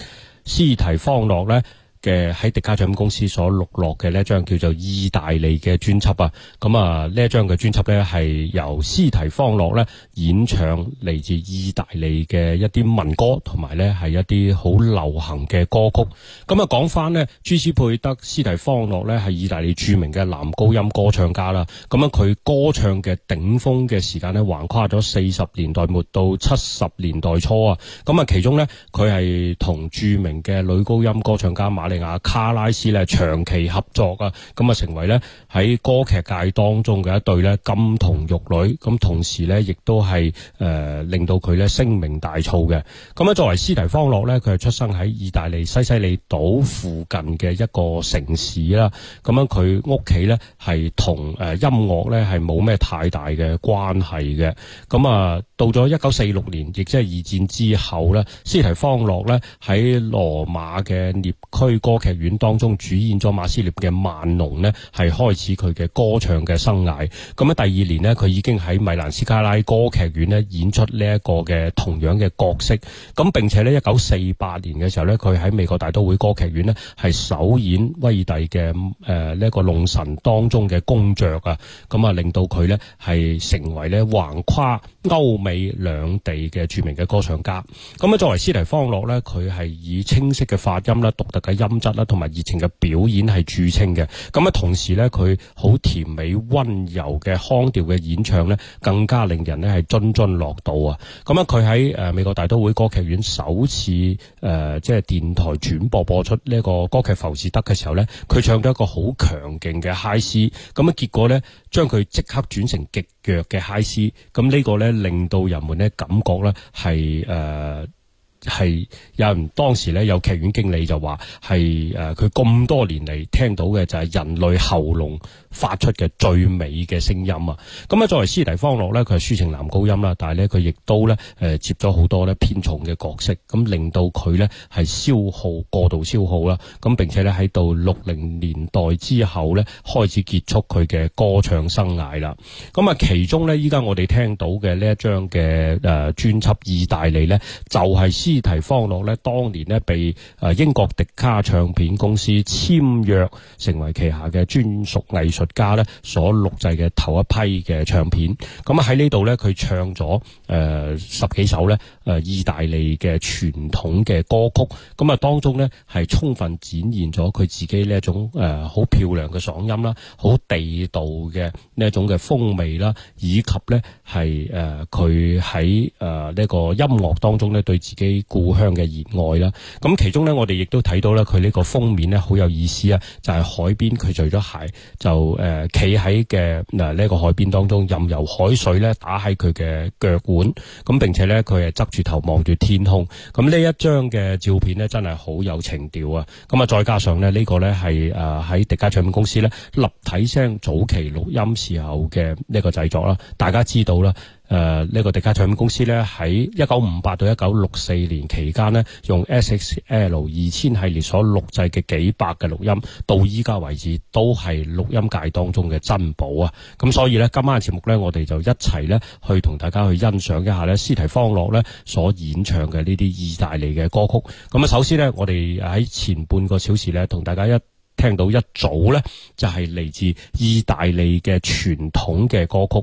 Speaker 7: 斯提方諾呢，嘅喺迪卡唱片公司所錄落嘅咧，一張叫做意大利嘅專輯啊，咁啊呢一張嘅專輯咧係由斯提方諾咧演唱嚟，自意大利嘅一啲民歌同埋咧係一啲好流行嘅歌曲。咁啊講翻咧，朱斯佩德斯提方諾咧係意大利著名嘅男高音歌唱家啦。咁啊佢歌唱嘅頂峰嘅時間咧橫跨咗四十年代末到七十年代初啊。咁啊其中咧佢係同著名嘅女高音歌唱家馬利雅卡拉斯咧長期合作啊，咁啊成為咧喺歌劇界當中嘅一對咧金童玉女，咁同時咧亦都係、呃、令到佢咧聲名大噪嘅。咁樣作為斯提芳諾咧，佢係出生喺意大利西西里島附近嘅一個城市啦。咁佢屋企咧係同音樂咧係冇咩太大嘅關係嘅。咁啊到咗一九四六年，亦即係二戰之後咧，斯提芳諾咧喺羅馬嘅涅區歌劇院當中主演咗馬斯涅嘅《曼龍》呢，係開始佢嘅歌唱嘅生涯。咁咧，第二年呢，佢已經喺米蘭斯卡拉歌劇院咧演出呢一個嘅同樣嘅角色。咁並且呢，一九四八年嘅時候呢，佢喺美國大都會歌劇院呢，係首演威爾第嘅誒呢一個《龍神》當中嘅公爵啊。咁啊，令到佢呢係成為呢橫跨。歐美兩地嘅著名嘅歌唱家，咁啊作為斯提方洛呢佢係以清晰嘅發音啦、獨特嘅音質啦，同埋熱情嘅表演係著稱嘅。咁啊，同時呢佢好甜美温柔嘅腔調嘅演唱呢更加令人呢係津津樂道啊！咁啊，佢喺誒美國大都會歌劇院首次誒即係電台轉播播出呢個歌劇浮士德嘅時候呢佢唱咗一個好強勁嘅嗨 i 咁啊結果呢將佢即刻轉成極弱嘅 high C，咁呢個咧令到人們咧感覺咧係誒。呃係有人當時咧，有劇院經理就話係誒，佢咁多年嚟聽到嘅就係人類喉嚨發出嘅最美嘅聲音啊！咁、嗯、啊，作為斯蒂方諾咧，佢係抒情男高音啦，但係咧佢亦都咧誒、呃、接咗好多咧偏重嘅角色，咁、嗯、令到佢咧係消耗過度消耗啦，咁、嗯、並且咧喺到六零年代之後咧開始結束佢嘅歌唱生涯啦。咁、嗯、啊，其中咧依家我哋聽到嘅呢一張嘅誒專輯《意大利》咧，就係斯。提方樂咧，當年咧被誒英國迪卡唱片公司簽約成為旗下嘅專屬藝術家咧，所錄製嘅頭一批嘅唱片。咁啊喺呢度咧，佢唱咗誒十幾首咧誒意大利嘅傳統嘅歌曲。咁啊當中咧係充分展現咗佢自己呢一種誒好漂亮嘅嗓音啦，好地道嘅呢一種嘅風味啦，以及咧係誒佢喺誒呢個音樂當中咧對自己。故鄉嘅熱愛啦，咁其中呢，我哋亦都睇到咧，佢呢個封面呢，好有意思啊！就係海邊，佢除咗鞋，就誒企喺嘅嗱呢個海邊當中，任由海水咧打喺佢嘅腳腕，咁並且呢，佢係側住頭望住天空，咁呢一張嘅照片呢，真係好有情調啊！咁啊，再加上呢，呢個呢係誒喺迪加唱片公司呢，立體聲早期錄音時候嘅呢個製作啦，大家知道啦。誒，呢、呃呢個迪卡唱片公司呢，喺一九五八到一九六四年期間呢，用 S X L 二千系列所錄製嘅幾百嘅錄音，到依家為止都係錄音界當中嘅珍寶啊！咁所以呢，今晚嘅節目呢，我哋就一齊呢去同大家去欣賞一下呢斯提方諾呢所演唱嘅呢啲意大利嘅歌曲。咁啊，首先呢，我哋喺前半個小時呢，同大家一。聽到一組咧，就係嚟自意大利嘅傳統嘅歌曲。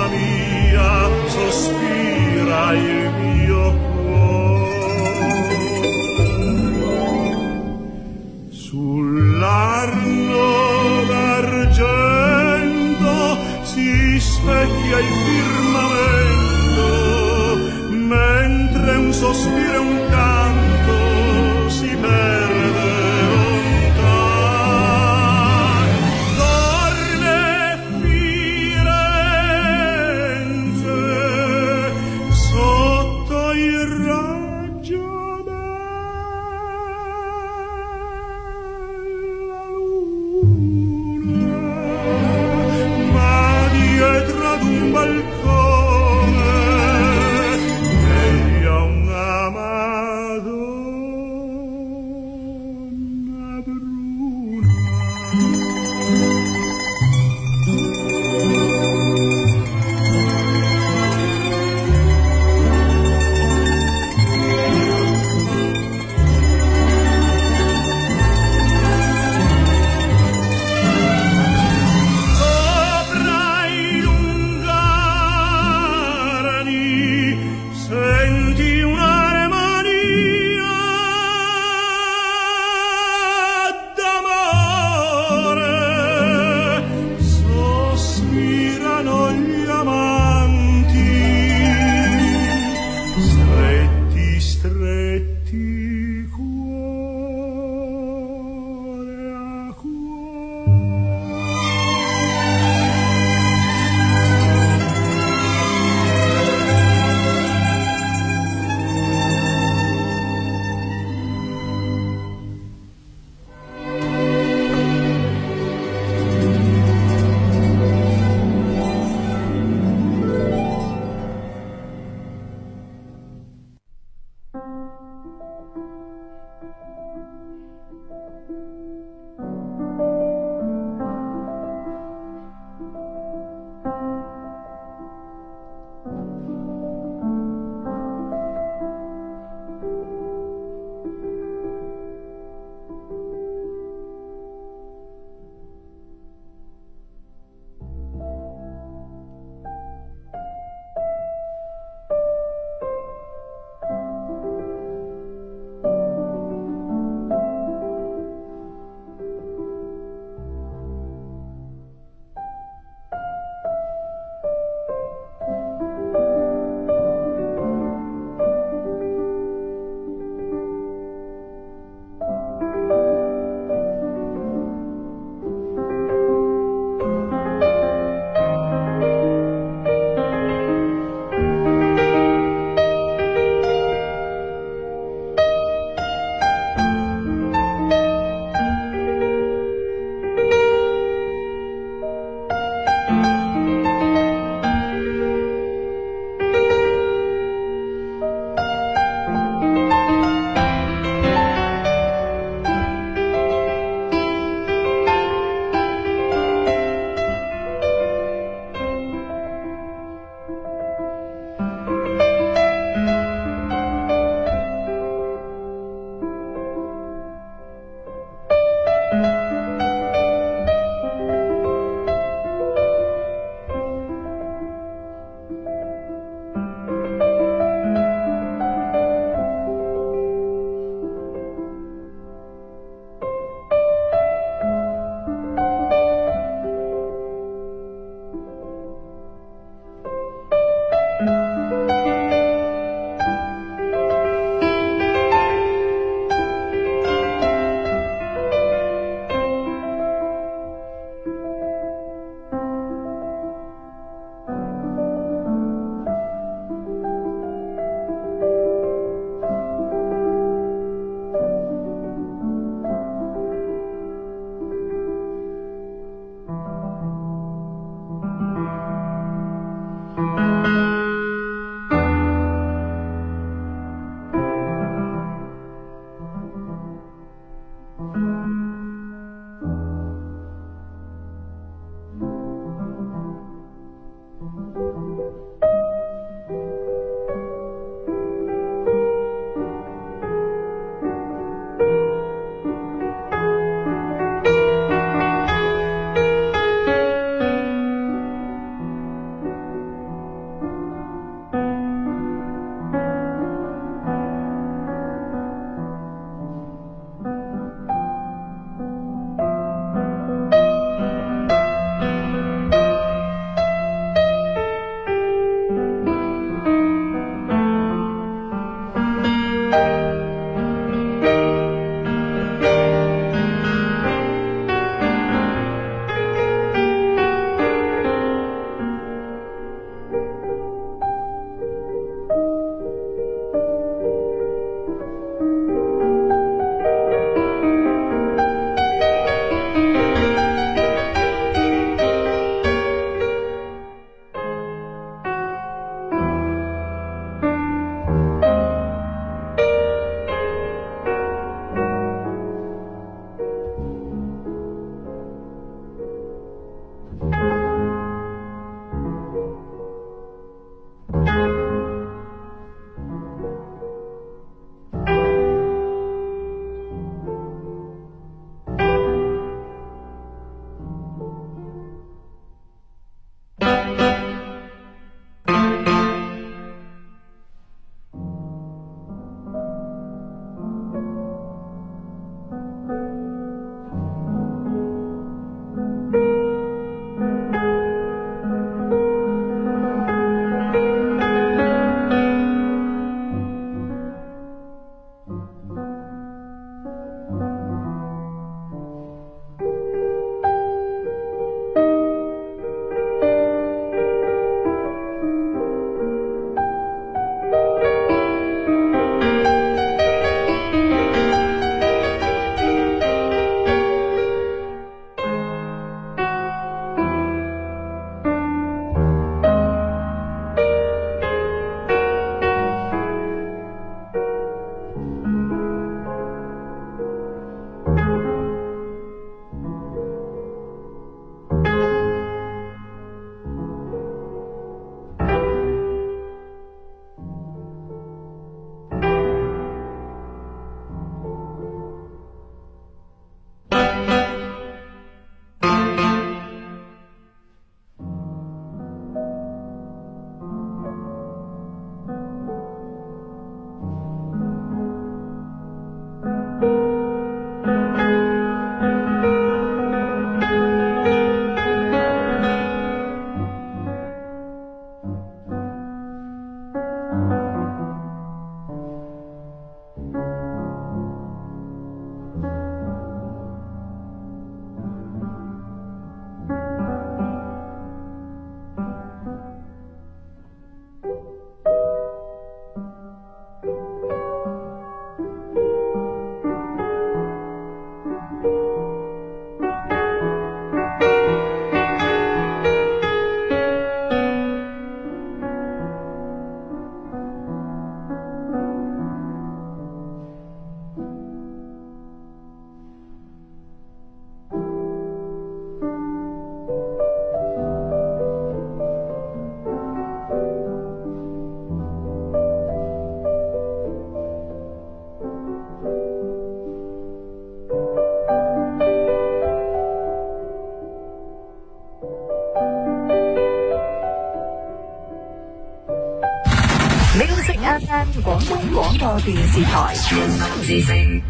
Speaker 3: 全心之
Speaker 4: 聲，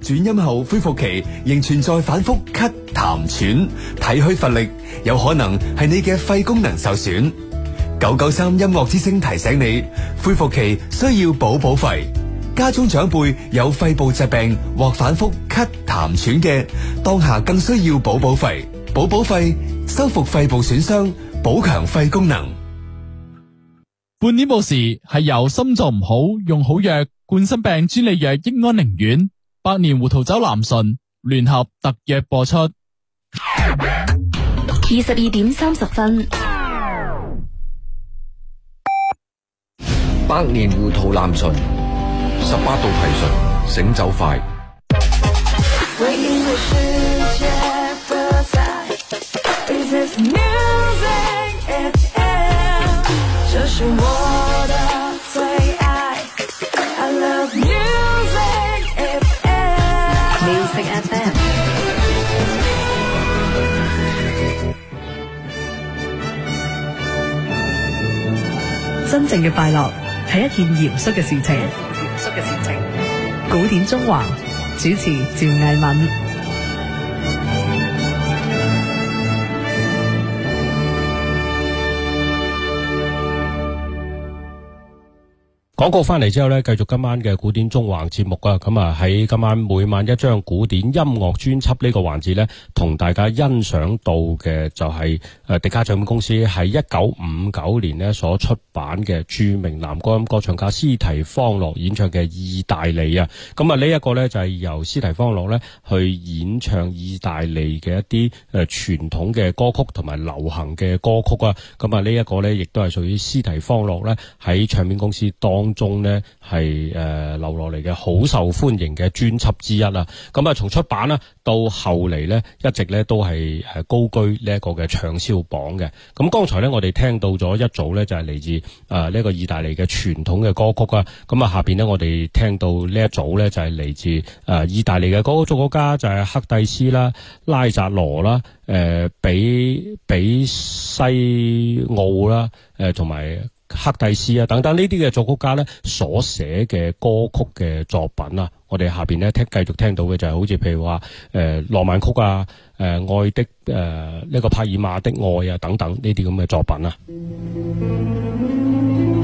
Speaker 4: 轉音後恢復期仍存在反復咳痰、喘、體虛乏力，有可能係你嘅肺功能受損。九九三音樂之聲提醒你，恢復期需要補補肺。家中長輩有肺部疾病或反復咳痰、喘嘅，當下更需要補補肺。補補肺，修復肺部損傷，
Speaker 2: 補強肺功能。半年冇事係由心臟唔好，用好藥。冠心病專利藥益安寧丸，百年胡桃酒南順聯合特約播出。二
Speaker 5: 十二點三十分，
Speaker 2: 百年胡
Speaker 4: 桃南順，十八度提神醒酒快。
Speaker 5: 真正嘅快樂，係一件嚴肅嘅事情。嚴肅嘅事情，古典縱橫，主持趙藝敏。
Speaker 7: 廣告翻嚟之後呢，繼續今晚嘅古典縱橫節目啊。咁啊，喺今晚每晚一張古典音樂專輯呢個環節呢，同大家欣賞到嘅就係誒，迪卡唱片公司喺一九五九年呢所出版嘅著名男高音歌唱家斯提方洛演唱嘅意大利啊。咁啊，呢一個呢就係由斯提方洛呢去演唱意大利嘅一啲誒傳統嘅歌曲同埋流行嘅歌曲啊。咁啊，呢一個呢亦都係屬於斯提方洛呢喺唱片公司當。當中咧係誒留落嚟嘅好受歡迎嘅專輯之一啦。咁啊，從出版啦到後嚟咧，一直咧都係誒高居、啊、呢一個嘅暢銷榜嘅。咁剛才咧，我哋聽到咗一組咧，就係、是、嚟自誒呢、呃這個意大利嘅傳統嘅歌曲啊。咁啊，下邊咧我哋聽到呢一組咧，就係、是、嚟自誒、呃、意大利嘅嗰個作曲家就係、是、克蒂斯啦、拉扎羅啦、誒、呃、比比西奧啦、誒同埋。克蒂斯啊，等等呢啲嘅作曲家咧所寫嘅歌曲嘅作品啊，我哋下邊咧聽繼續聽到嘅就係好似譬如話誒、呃、浪漫曲啊，誒、呃、愛的誒呢、呃這個帕爾瑪的愛啊等等呢啲咁嘅作品啊。嗯嗯嗯嗯嗯嗯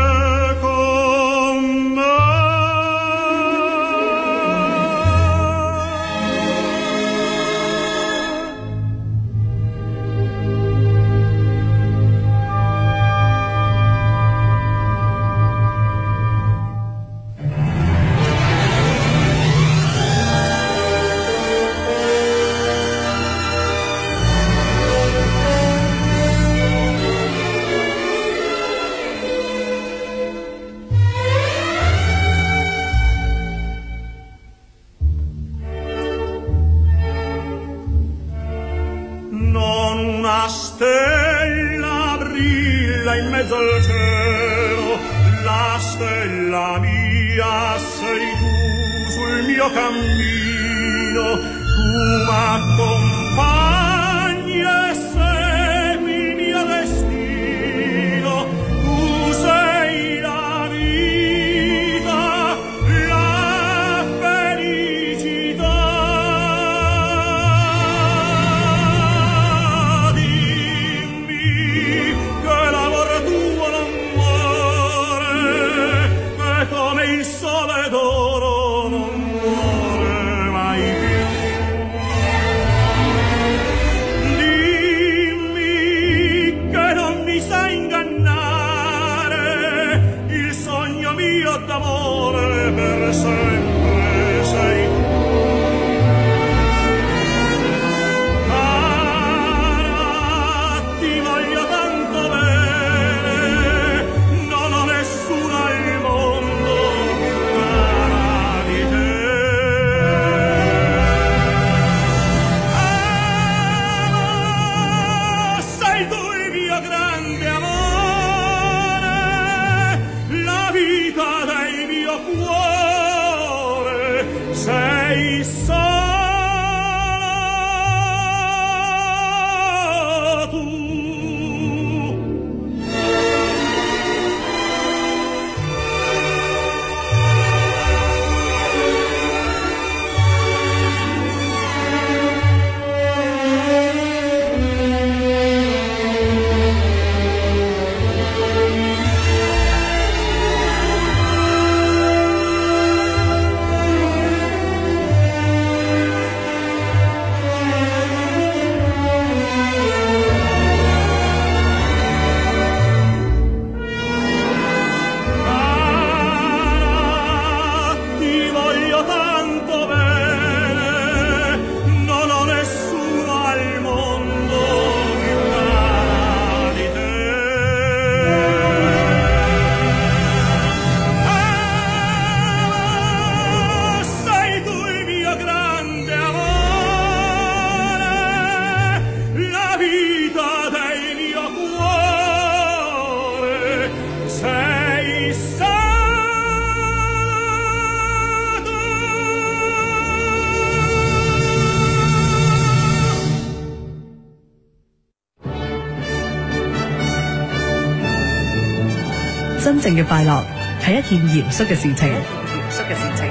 Speaker 5: 一件嚴肅嘅事情，嚴肅嘅事情。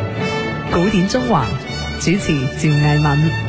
Speaker 5: 古典縱橫主持趙藝敏。